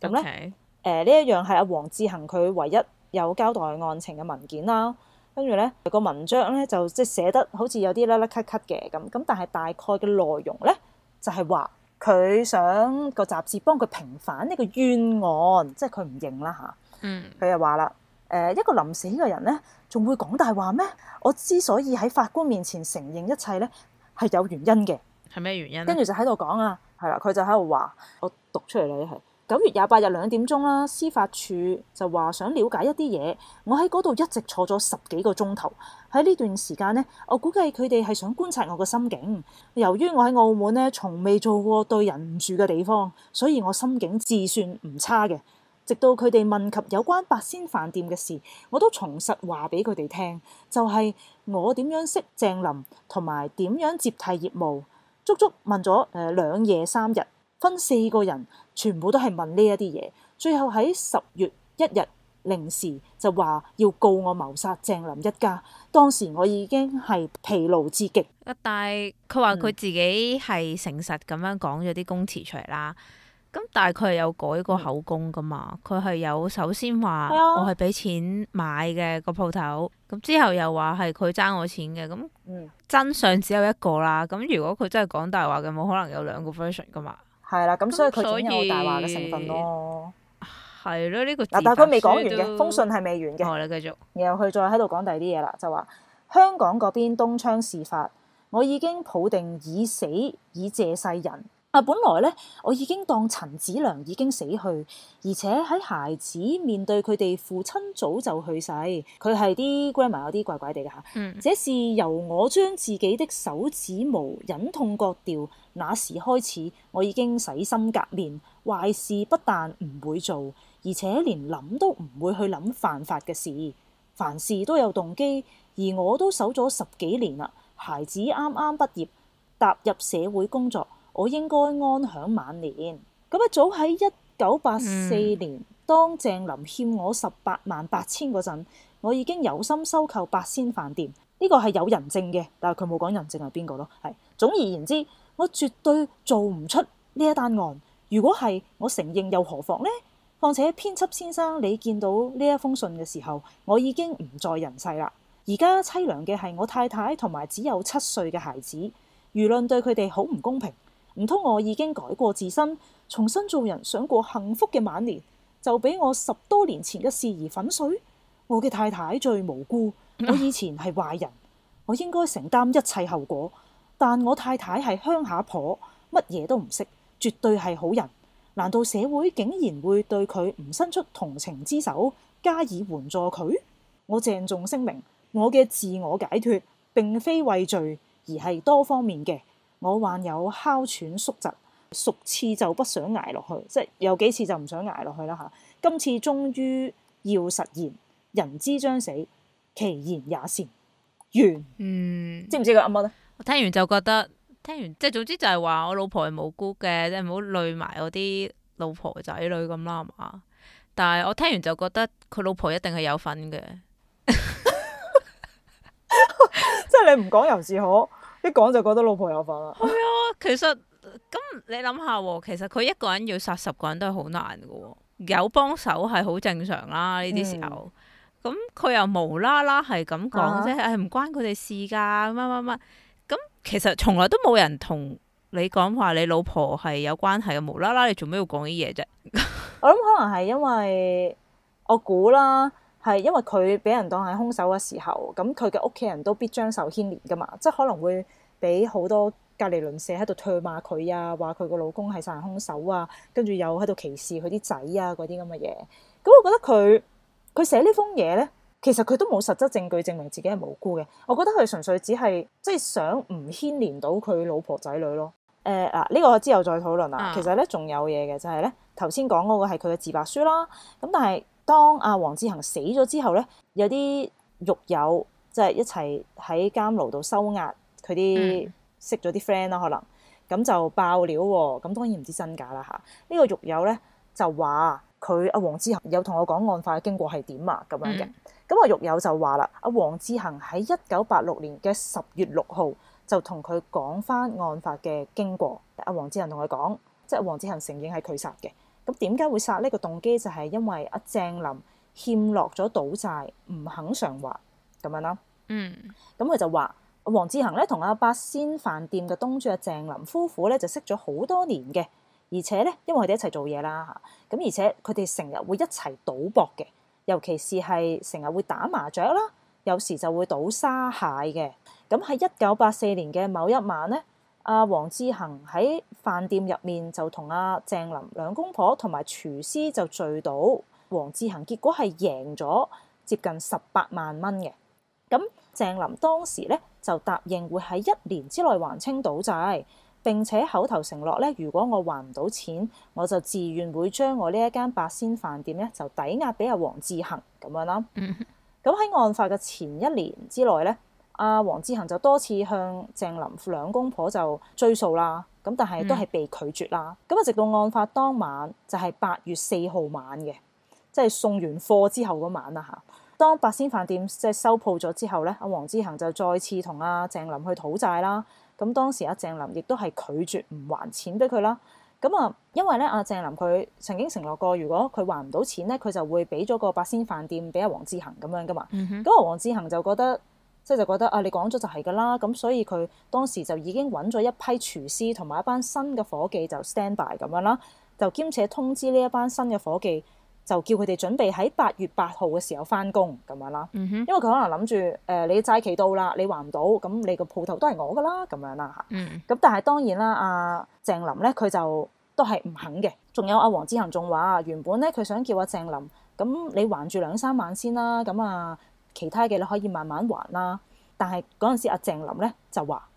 咁咧，誒，呢一樣係阿黃志恒佢唯一有交代案情嘅文件啦。跟住咧個文章咧就即係寫得好似有啲甩甩咳咳嘅咁咁，但係大概嘅內容咧就係話佢想個雜誌幫佢平反呢個冤案，即係佢唔認啦吓，啊、嗯，佢又話啦誒一個臨死嘅人咧，仲會講大話咩？我之所以喺法官面前承認一切咧，係有原因嘅。係咩原因？跟住就喺度講啊，係啦，佢就喺度話，我讀出嚟啦，係。九月廿八日兩點鐘啦，司法處就話想了解一啲嘢。我喺嗰度一直坐咗十幾個鐘頭。喺呢段時間呢，我估計佢哋係想觀察我個心境。由於我喺澳門呢，從未做過對人唔住嘅地方，所以我心境自算唔差嘅。直到佢哋問及有關八仙飯店嘅事，我都從實話俾佢哋聽，就係、是、我點樣識鄭林同埋點樣接替業務。足足問咗誒、呃、兩夜三日。分四個人，全部都係問呢一啲嘢。最後喺十月一日零時就話要告我謀殺鄭林一家。當時我已經係疲勞之極。但係佢話佢自己係誠實咁樣講咗啲供詞出嚟啦。咁、嗯、但係佢有改過口供噶嘛？佢係、嗯、有首先話我係俾錢買嘅、嗰個鋪頭。咁、嗯、之後又話係佢爭我錢嘅。咁真相只有一個啦。咁如果佢真係講大話嘅，冇可能有兩個 version 噶嘛？係啦，咁所以佢總有大話嘅成分咯。係咯，呢個啊，但係佢未講完嘅封信係未完嘅。好啦、哦，繼續。然後佢再喺度講第二啲嘢啦，就話香港嗰邊東窗事發，我已經抱定以死以謝世人。啊！本來呢，我已經當陳子良已經死去，而且喺孩子面對佢哋父親早就去世，佢係啲 grandma 有啲怪怪地嘅吓。嗯，這是由我將自己的手指毛忍痛割掉那時開始，我已經洗心革面，壞事不但唔會做，而且連諗都唔會去諗犯法嘅事。凡事都有動機，而我都守咗十幾年啦。孩子啱啱畢業，踏入社會工作。我應該安享晚年咁啊！早喺一九八四年，當鄭林欠我十八萬八千嗰陣，我已經有心收購八仙飯店。呢個係有人證嘅，但係佢冇講人證係邊個咯？係，總而言之，我絕對做唔出呢一單案。如果係我承認，又何妨呢？況且編輯先生，你見到呢一封信嘅時候，我已經唔在人世啦。而家淒涼嘅係我太太同埋只有七歲嘅孩子，輿論對佢哋好唔公平。唔通我已經改過自新，重新做人，想過幸福嘅晚年，就俾我十多年前嘅事而粉碎？我嘅太太最無辜，我以前係壞人，我應該承擔一切後果。但我太太係鄉下婆，乜嘢都唔識，絕對係好人。難道社會竟然會對佢唔伸出同情之手，加以援助佢？我鄭重聲明，我嘅自我解脫並非畏罪，而係多方面嘅。我患有哮喘宿疾，熟次就不想捱落去，即係有幾次就唔想捱落去啦吓。今次終於要實現，人之將死，其言也善。完，嗯，知唔知佢噏乜咧？我聽完就覺得，聽完即係總之就係話我老婆係無辜嘅，即係唔好累埋我啲老婆仔女咁啦嘛。但係我聽完就覺得佢老婆一定係有份嘅，即 係 你唔講又是可。一講就覺得老婆有份啦。係啊，其實咁你諗下喎，其實佢一個人要殺十個人都係好難㗎喎，有幫手係好正常啦呢啲時候。咁佢、嗯嗯、又無啦啦係咁講啫，係唔、啊哈哎、關佢哋事㗎，乜乜乜。咁其實從來都冇人同你講話你老婆係有關係嘅，無啦啦你做咩要講啲嘢啫？我諗可能係因為我估啦。係因為佢俾人當係凶手嘅時候，咁佢嘅屋企人都必將受牽連噶嘛，即係可能會俾好多隔籬鄰舍喺度唾罵佢啊，話佢個老公係殺人凶手啊，跟住又喺度歧視佢啲仔啊，嗰啲咁嘅嘢。咁我覺得佢佢寫呢封嘢咧，其實佢都冇實質證據證明自己係無辜嘅。我覺得佢純粹只係即係想唔牽連到佢老婆仔女咯。誒、uh, 啊，呢、這個之後再討論啦。Uh huh. 其實咧仲有嘢嘅就係、是、咧，頭先講嗰個係佢嘅自白書啦。咁但係。當阿黃志恒死咗之後咧，有啲獄友就係、係、一齊喺監牢度收押佢啲識咗啲 friend 啦，可能咁就爆料喎，咁當然唔知真假啦嚇。呢、呢個獄友咧就話佢阿黃志恒有同我講案發嘅經過係點啊咁樣嘅。咁、嗯、個獄友就話啦，阿黃志恒喺一九八六年嘅十月六號就同佢講返案發嘅經過。阿黃志恒同佢講，即係黃志恒承認係佢殺嘅。咁點解會殺呢個動機？就係因為阿鄭林欠落咗賭債，唔肯償還咁樣啦。嗯，咁佢就話，黃志恒咧同阿八仙飯店嘅東主阿鄭林夫婦咧就識咗好多年嘅，而且咧因為佢哋一齊做嘢啦嚇，咁而且佢哋成日會一齊賭博嘅，尤其是係成日會打麻雀啦，有時就會賭沙蟹嘅。咁喺一九八四年嘅某一晚咧。阿黃、啊、志恒喺飯店入面就同阿、啊、鄭林兩公婆同埋廚師就聚賭，黃志恒結果係贏咗接近十八萬蚊嘅。咁、啊、鄭林當時咧就答應會喺一年之內還清賭債，並且口頭承諾咧，如果我還唔到錢，我就自願會將我呢一間八仙飯店咧就抵押俾阿黃志恒。咁樣啦。咁喺案發嘅前一年之內咧。阿黃、啊、志恒就多次向鄭林兩公婆就追訴啦，咁但係都係被拒絕啦。咁啊、嗯，直到案發當晚，就係、是、八月四號晚嘅，即係送完貨之後嗰晚啦。嚇、啊，當八仙飯店即係收鋪咗之後咧，阿、啊、黃志恒就再次同阿鄭林去討債啦。咁、啊、當時阿、啊、鄭林亦都係拒絕唔還錢俾佢啦。咁啊，因為咧阿鄭林佢曾經承諾過，如果佢還唔到錢咧，佢就會俾咗個八仙飯店俾阿黃志恒咁樣噶嘛。咁阿黃志恒就覺得。嗯即係就覺得啊，你講咗就係噶啦，咁所以佢當時就已經揾咗一批廚師同埋一班新嘅伙計就 stand by 咁樣啦，就兼且通知呢一班新嘅伙計，就叫佢哋準備喺八月八號嘅時候翻工咁樣啦。因為佢可能諗住誒，你債期到啦，你還唔到，咁你個鋪頭都係我噶啦，咁樣啦嚇。咁、嗯、但係當然啦，阿、啊、鄭林咧，佢就都係唔肯嘅。仲有阿、啊、黃志恒仲話原本咧佢想叫阿、啊、鄭林，咁你還住兩三萬先啦，咁啊。其他嘅你可以慢慢還啦，但係嗰陣時阿鄭林咧就話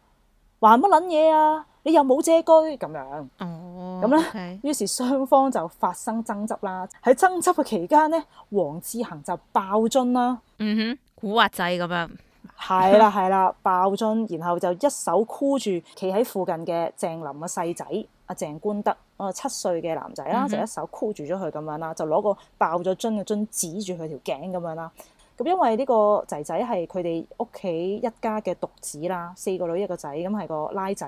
還乜撚嘢啊？你又冇借據咁樣。哦，咁咧，於是雙方就發生爭執啦。喺爭執嘅期間咧，黃志恒就爆樽啦。嗯哼，古惑仔咁樣。係啦係啦，爆樽，然後就一手箍住企喺附近嘅鄭林嘅細仔阿鄭官德，啊七歲嘅男仔啦，就一手箍住咗佢咁樣啦，就攞個爆咗樽嘅樽指住佢條頸咁樣啦。咁因為呢個仔仔係佢哋屋企一家嘅獨子啦，四個女一個仔，咁係個拉仔，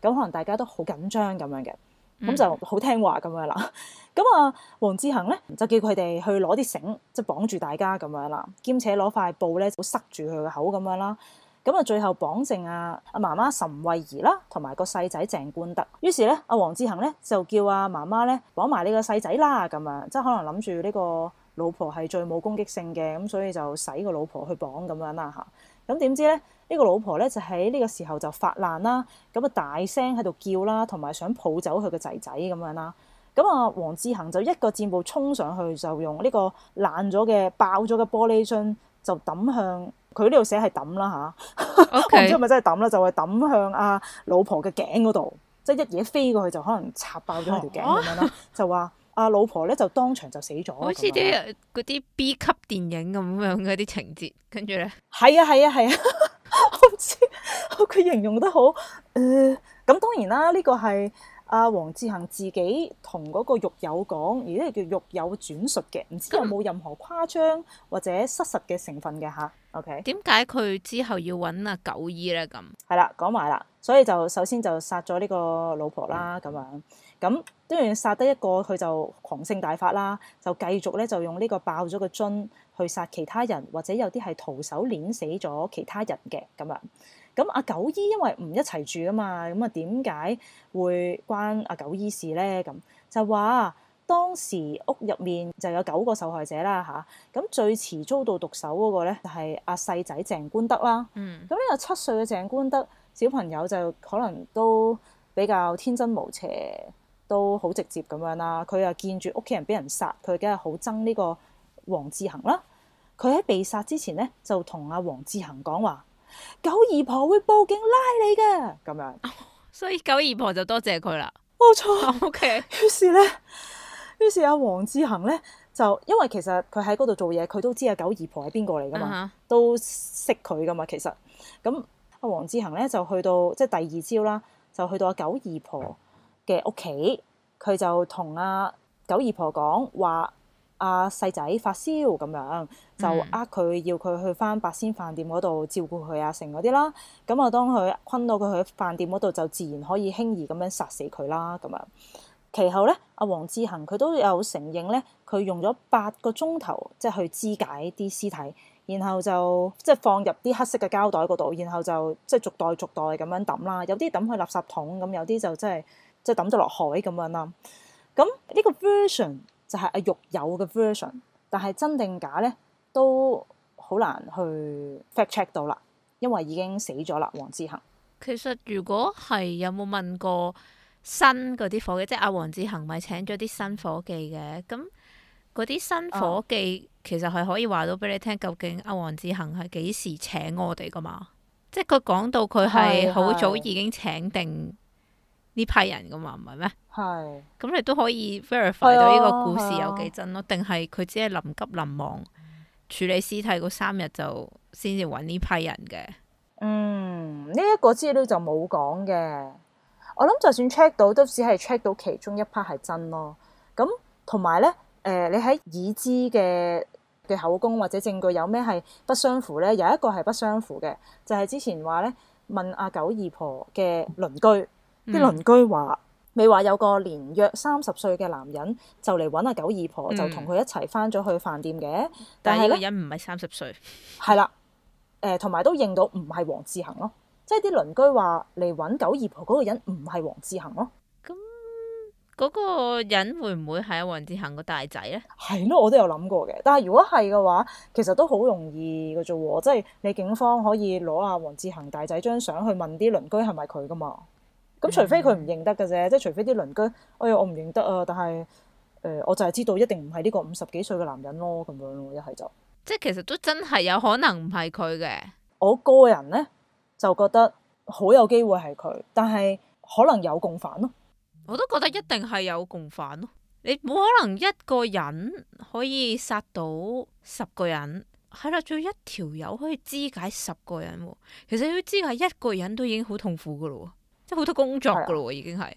咁可能大家都好緊張咁樣嘅，咁、嗯、就好聽話咁樣啦。咁啊，黃志恒咧就叫佢哋去攞啲繩，即係綁住大家咁樣啦，兼且攞塊布咧，好塞住佢嘅口咁樣啦。咁啊，最後綁剩啊，阿媽媽岑慧儀啦，同埋個細仔鄭冠德。於是咧，阿黃志恒咧就叫阿、啊、媽媽咧綁埋呢個細仔啦，咁樣，樣即係可能諗住呢個。老婆係最冇攻擊性嘅，咁所以就使個老婆去綁咁樣啦吓。咁、啊、點、啊、知咧？呢、呢個老婆咧就喺呢個時候就發爛啦，咁啊大聲喺度叫啦，同、啊、埋想抱走佢個仔仔咁樣啦。咁啊，黃、啊、志恒就一個箭步衝上去，就用呢個爛咗嘅爆咗嘅玻璃樽就抌向佢，呢度寫係抌啦吓？啊啊、Okay. 我唔知係咪真係抌啦，就係、是、抌向阿老婆嘅頸嗰度，即係一嘢飛過去就可能插爆咗佢條頸咁樣啦，啊、就話。阿老婆咧就當場就死咗，好似啲嗰啲 B 級電影咁樣嗰啲情節，跟住咧係啊係啊係啊，啊啊 我唔知，佢形容得好，誒、呃、咁當然啦，呢、這個係阿黃志恒自己同嗰個獄友講，而呢叫獄友轉述嘅，唔知有冇任何誇張或者失實嘅成分嘅吓。OK，點解佢之後要搵阿九姨咧？咁係啦，講埋啦，所以就首先就殺咗呢個老婆啦，咁、嗯、樣咁。都要殺得一個，佢就狂性大發啦，就繼續咧就用呢個爆咗個樽去殺其他人，或者有啲係徒手斬死咗其他人嘅咁樣。咁阿九姨因為唔一齊住吖嘛，咁啊點解會關阿、啊、九姨事咧？咁就話當時屋入面就有九個受害者啦吓，咁、啊啊、最遲遭到毒手嗰個咧就係、是、阿、啊、細仔鄭官德啦。嗯，咁呢個七歲嘅鄭官德小朋友就可能都比較天真無邪。都好直接咁樣人人啦，佢又見住屋企人俾人殺，佢梗係好憎呢個黃志恒啦。佢喺被殺之前咧，就同阿黃志恒講話：九姨婆會報警拉你㗎。咁樣，哦，所以九姨婆就多謝佢啦。冇錯錯。O K、哦。於，okay、是咧，於是阿黃志恒咧就因為其實佢喺嗰度做嘢，佢都知阿九姨婆係邊個嚟噶嘛，uh huh. 都識佢噶嘛。其實咁阿黃志恒咧就去到即係第二朝啦，就去到阿九姨婆嘅屋企，佢就同阿九姨婆講話，阿細、啊、仔發燒咁樣，就呃佢，要佢去翻八仙飯店嗰度照顧佢阿成嗰啲啦。咁啊，當佢困到佢去飯店嗰度，就自然可以輕易咁樣殺死佢啦。咁樣。其後咧，阿黃志恒佢都有承認咧，佢用咗八個鐘頭即係去肢解啲屍體，然後就即係放入啲黑色嘅膠袋嗰度，然後就即係逐袋逐袋咁樣抌啦，有啲抌去垃圾桶，咁有啲就即係。即係抌咗落海咁樣啦，咁呢個 version 就係阿玉有嘅 version，但係真定假咧都好難去 fact check 到啦，因為已經死咗啦，黃志恒。其實如果係有冇問過新嗰啲伙計，即係阿黃志恒咪請咗啲新伙計嘅，咁嗰啲新伙計其實係可以話到俾你聽，究竟阿黃志恒係幾時請我哋噶嘛？即係佢講到佢係好早已經請定係係。呢批人嘅、啊、嘛，唔係咩？係咁是，你都可以 verify 到呢個故事有幾真咯、啊？定係佢只係臨急臨忙處理屍體嗰三日就先至揾呢批人嘅？嗯、呢、這、一個資料就冇講嘅。我諗就算 check 到，都只係 check 到其中一 part 係真咯。咁同埋咧，誒、呃，你喺已知嘅嘅口供或者證據有咩係不相符咧？有一個係不相符嘅，就係、是、之前話咧問阿九二婆嘅鄰居。啲、嗯、鄰居話：未話有個年約三十歲嘅男人就嚟揾阿九姨婆，嗯、就同佢一齊翻咗去飯店嘅。但係嗰個人唔係三十歲，係啦。 誒、呃，同埋都認到唔係黃志恒咯。即係啲鄰居話嚟揾九姨婆嗰個人唔係黃志恒咯。咁嗰、嗯、嗰個人會唔會係阿黃志恒個大仔咧？係咯，我都有諗過嘅。但係如果係嘅話，其實都好容易嘅啫。即係你警方可以攞阿黃志恒大仔張相去問啲鄰居係咪佢噶嘛？咁、嗯、除非佢唔認得嘅啫，即係除非啲鄰居，哎呀我唔認得啊，但係誒、呃、我就係知道一定唔係呢個五十幾歲嘅男人咯，咁樣咯，一係就即係其實都真係有可能唔係佢嘅。我個人咧就覺得好有機會係佢，但係可能有共犯咯。我都覺得一定係有共犯咯。你冇可能一個人可以殺到十個人，係喇，做一條友可以肢解十個人，其實要肢解一個人都已經好痛苦噶啦。即係好多工作噶咯，已經係。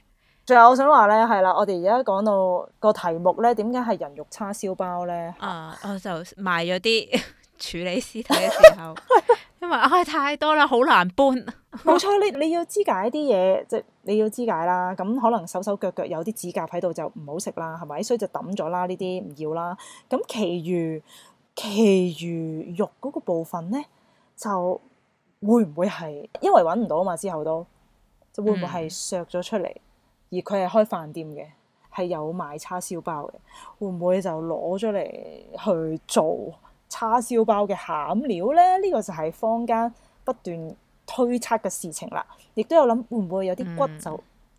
仲有我想話咧，係啦，我哋而家講到個題目咧，點解係人肉叉燒包咧？啊啊，我就賣咗啲處理屍體嘅時候， 因為唉，太多啦，好難搬。冇 錯，你你要肢解啲嘢，即係你要肢解啦。咁可能手手腳腳有啲指甲喺度，就唔好食啦，係咪？所以就抌咗啦，呢啲唔要啦。咁其餘其餘肉嗰個部分咧，就會唔會係因為搵唔到啊嘛？之後都。就會唔會係削咗出嚟？Mm. 而佢係開飯店嘅，係有賣叉燒包嘅。會唔會就攞咗嚟去做叉燒包嘅餡料咧？呢個就係坊間不斷推測嘅事情啦。亦都有諗會唔會有啲骨就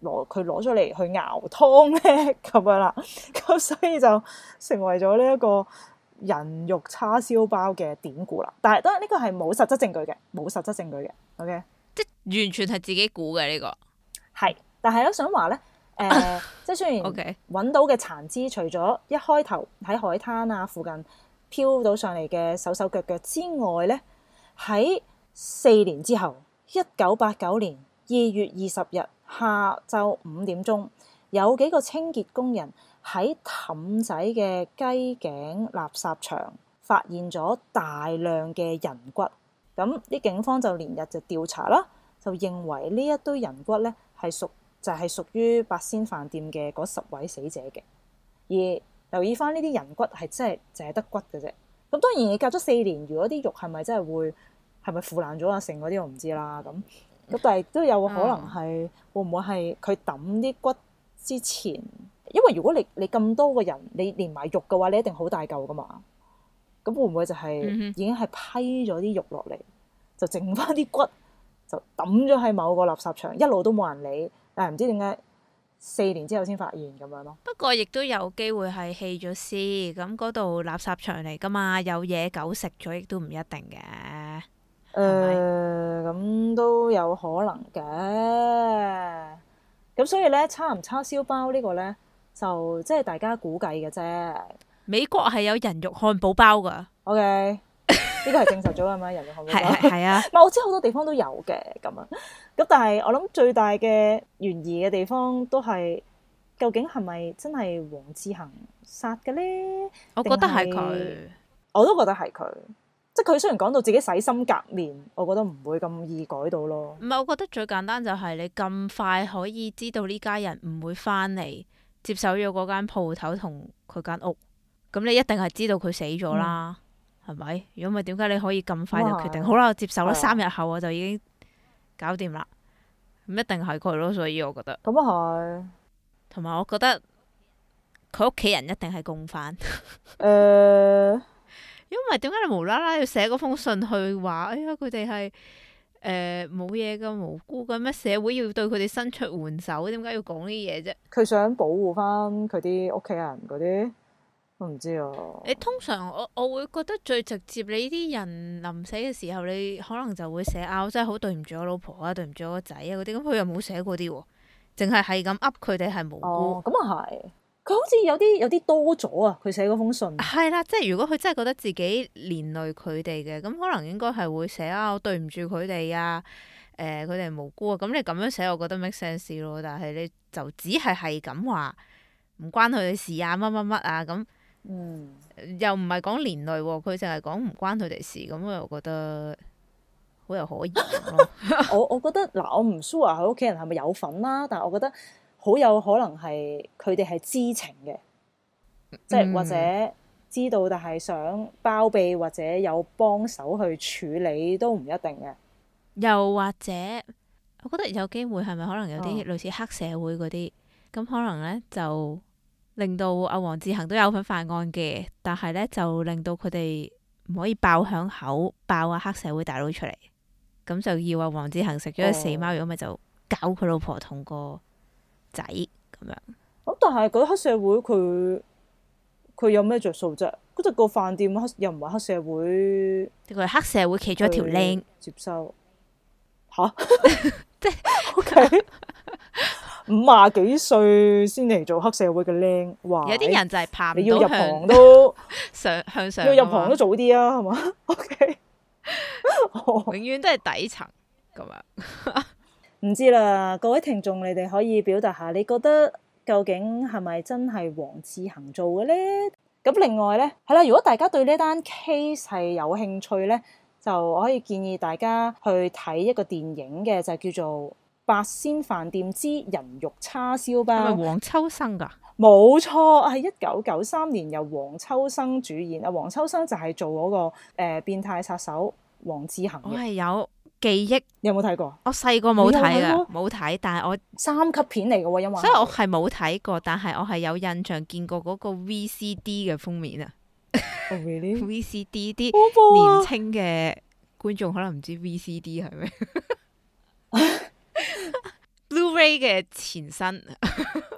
攞佢攞咗嚟去熬湯咧？咁樣啦，咁所以就成為咗呢一個人肉叉燒包嘅典故啦。但係當然呢個係冇實質證據嘅，冇實質證據嘅。OK。即完全係自己估嘅呢個係，但係我想話咧，誒、呃、 即係雖然揾到嘅殘肢，除咗一開頭喺海灘啊附近飄到上嚟嘅手手腳腳之外咧，喺四年之後，一九八九年二月二十日下晝五點鐘，有幾個清潔工人喺氹仔嘅雞頸垃圾場發現咗大量嘅人骨。咁啲警方就連日就調查啦，就認為呢一堆人骨咧係屬就係屬於八仙飯店嘅嗰十位死者嘅。而留意翻呢啲人骨係真係淨係得骨嘅啫。咁當然你隔咗四年，如果啲肉係咪真係會係咪腐爛咗啊？剩嗰啲我唔知啦。咁咁但係都有個可能係、嗯、會唔會係佢抌啲骨之前？因為如果你你咁多個人，你連埋肉嘅話，你一定好大嚿噶嘛。會唔會就係已經係批咗啲肉落嚟，就剩翻啲骨，就抌咗喺某個垃圾場，一路都冇人理，但係唔知點解四年之後先發現咁樣咯。嗯、哼不過亦都有機會係棄咗屍，咁嗰度垃圾場嚟噶嘛，有嘢狗食咗亦都唔一定嘅。誒、呃，咁吧都有可能嘅。咁所以咧，叉唔叉燒包呢個咧，就即係大家估計嘅啫。美國係有人肉漢堡包㗎。OK，呢個係證實咗㗎咩？ 人肉漢堡包係係啊，唔 係 我知好多地方都有嘅咁啊。咁但係我諗最大嘅懸疑嘅地方都係究竟係咪真係黃志恒殺嘅咧？我覺得係佢，我都覺得係佢。即係佢雖然講到自己洗心革面，我覺得唔會咁易改到咯。唔係，我覺得最簡單就係你咁快可以知道呢家人唔會翻嚟接手咗嗰間鋪頭同佢間屋。咁你一定係知道佢死咗啦，係咪，嗯？如果唔係，點解你可以咁快就決定，嗯、好啦？我接受咗三日後我就已經搞掂啦。咁、嗯、一定係佢咯，所以我覺得。咁啊係。同、嗯、埋，嗯、我覺得佢屋企人一定係共犯。誒、嗯，因 為點解你無啦啦要寫嗰封信去話？哎呀，佢哋係誒冇嘢，咁無辜嘅咩？社會要對佢哋伸出援手，點解要講呢嘢啫？佢想保護翻佢啲屋企人嗰啲。我唔知啊。你通常我我會覺得最直接，你啲人臨死嘅時候，你可能就會寫啊，我真係好對唔住我老婆啊，對唔住我個仔啊嗰啲。咁佢又冇寫過啲喎，淨係係咁噏佢哋係無辜。哦，咁啊係。佢好似有啲有啲多咗啊！佢寫嗰封信。係啦，即係如果佢真係覺得自己連累佢哋嘅，咁可能應該係會寫啊，我對唔住佢哋啊，誒佢哋係無辜啊。咁你咁樣寫，我覺得 make sense 咯。但係你就只係係咁話，唔關佢哋事啊，乜乜乜啊咁。嗯，又唔係講連累，佢淨係講唔關佢哋事，咁我又覺得好有可疑。 我我覺得嗱，我唔 sure 佢屋企人係咪有份啦，但係我覺得好有可能係佢哋係知情嘅，即係、嗯、或者知道，但係想包庇或者有幫手去處理都唔一定嘅。又或者，我覺得有機會係咪可能有啲類似黑社會嗰啲，咁、哦、可能咧就。令到阿黃志恒都有份犯案嘅，但係咧就令到佢哋唔可以爆響口爆阿黑社會大佬出嚟，咁就要阿黃志恒食咗個死貓肉，咪、嗯、就搞佢老婆同個仔咁樣。咁但係嗰黑社會佢佢有咩着數啫？嗰、那、只個飯店又唔係黑社會，佢係黑社會企咗條靚接收吓？O K。五啊幾歲先嚟做黑社會嘅僆？哇有啲人就係怕你要入行都想向上。向上要入行都早啲啊，係嘛 吧？OK， 永遠都係底層咁樣。唔 知啦，各位聽眾，你哋可以表達下，你覺得究竟係咪真係黃志恒做嘅呢？咁另外呢，係啦，如果大家對呢單 case 係有興趣呢，就可以建議大家去睇一個電影嘅，就係、叫做。八仙飯店之人肉叉燒包，係咪黃秋生㗎？冇錯，係一九九三年由黃秋生主演。阿黃秋生就係做嗰、那個誒、呃、變態殺手黃志恆嘅。我係有記憶，你有冇睇過？我細個冇睇嘅，冇睇。但係我三級片嚟嘅喎，因為所以我係冇睇過，但係我係有印象見過嗰個 VCD 嘅封面啊、oh, really? VCD 啲年青嘅觀眾可能唔知 VCD 係咩。 嘅前身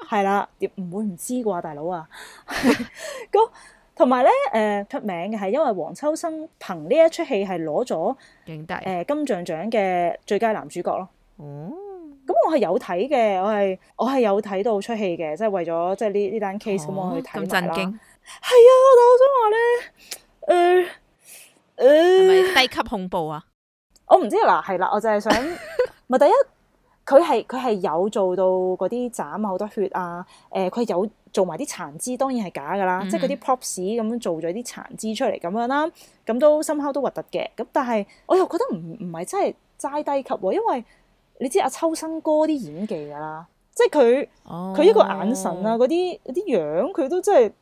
係啦， 點唔會唔知啩，大佬啊。咁同埋咧，誒、呃、出名嘅係因為黃秋生憑呢一出戲係攞咗影帝誒、呃、金像獎嘅最佳男主角咯。哦，咁我係有睇嘅，我係我係有睇到出戲嘅，即係為咗即係呢呢單 case 咁我去睇。咁震驚係啊！但我想話咧，誒、呃、誒，呃、係咪低級恐怖啊？我唔知嗱，係啦，我就係想，咪第一。佢係佢係有做到嗰啲斬啊，好多血啊，誒、呃、佢有做埋啲殘肢，當然係假㗎啦，嗯、即係嗰啲 props 咁樣做咗啲殘肢出嚟咁樣啦，咁都深刻都核突嘅。咁但係我又覺得唔唔係真係齋低級，啊，因為你知阿、啊、秋生哥啲演技㗎、啊、啦，即係佢佢一個眼神啊嗰啲啲樣，佢都真係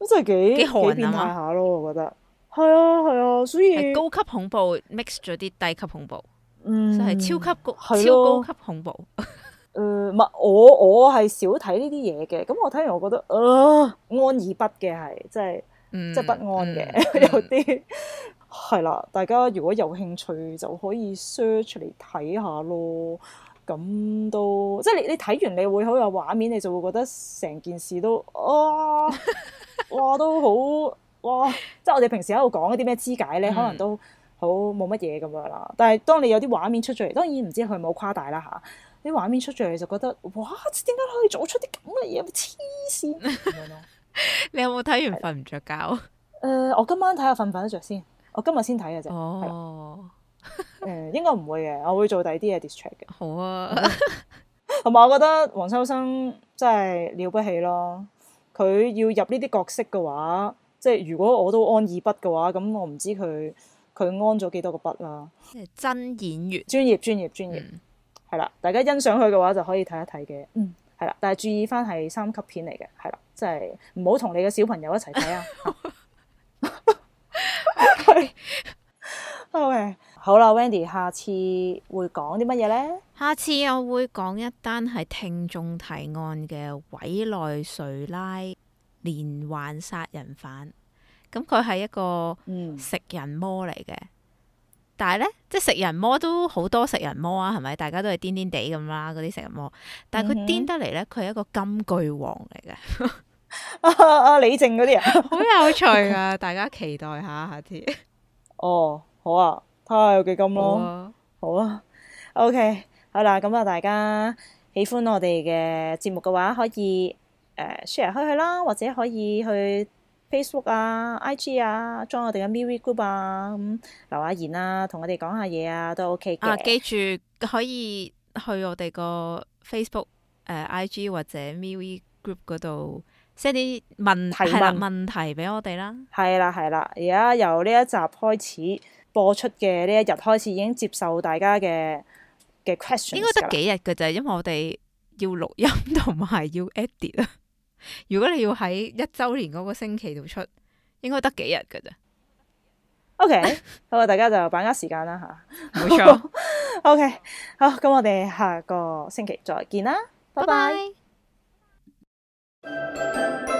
都真係幾幾變態下咯，我覺得。係啊係啊，所以高級恐怖 mix 咗啲低級恐怖。嗯，係超級咯超級恐怖。誒、呃，唔係我我係少睇呢啲嘢嘅，咁我睇完我覺得啊、呃，安而不嘅係，真嗯、即係即係不安嘅，嗯、 有啲係啦。 大家如果有興趣就可以 search 嚟睇下咯。咁都即係你你睇完你會好有畫面，你就會覺得成件事都啊哇都好哇，即係我哋平時喺度講一啲咩肢解咧，可能都。好冇乜嘢咁樣啦。但係當你有啲畫面出咗嚟，當然唔知佢有冇誇大啦，嚇啲畫面出咗嚟，你就覺得哇，點解可以做出啲咁嘅嘢，黐線。你有冇睇完瞓唔着覺？誒、呃，我今晚睇下瞓唔瞓得着先。我今日先睇下。Oh.」啫、呃。哦，誒，應該唔會嘅，我會做第二啲嘅 distract 嘅。好啊，同埋我覺得黃秋生真係了不起咯。佢要入呢啲角色嘅話，即係如果我都安二筆嘅話，咁我唔知佢。佢安咗幾多個筆啦、啊，真演員，專業專業專業，係啦、嗯，大家欣賞佢嘅話就可以睇一睇嘅，嗯，係啦，但係注意翻係三級片嚟嘅，係啦，即係唔好同你嘅小朋友一齊睇啊。OK，好啦，Wendy，下次會講啲乜嘢呢？下次我會講一單係聽眾提案嘅委內瑞，瑞拉連環殺人犯。咁佢係一個食人魔嚟嘅，嗯、但係咧，即係食人魔都好多食人魔啊，係咪？大家都係癲癲地咁啦，嗰啲食人魔。但係佢癲得嚟咧，佢係一個金句王嚟嘅。阿 阿、啊啊、李靖嗰啲人好有趣啊， 大家期待一下下一次。哦，好啊，睇下有幾金咯、啊，哦、好啊。O、okay, K，好啦，咁啊，大家喜歡我哋嘅節目嘅話，可以誒 share 開去啦，或者可以去。Facebook 啊、IG 啊 join 我哋嘅 Miri Group 啊，咁留下言啊，同我哋講下嘢啊，都 OK 嘅。啊，記住可以去我哋個 Facebook、呃、誒 IG 或者 Miri Group 嗰度 send 啲問題問題俾問、啊、我哋啦。係啦，係啦。而家由呢一集開始播出嘅呢一日開始已經接受大家嘅嘅 question。Quest 應該得幾日嘅啫，因為我哋要錄音同埋要 edit 啊。如果你要喺一周年嗰個星期度出，應該得幾日噶咋 OK，好啊， 大家就把握時間啦吓，冇 錯錯。 OK，好，咁我哋下個星期再見啦，拜拜。Bye bye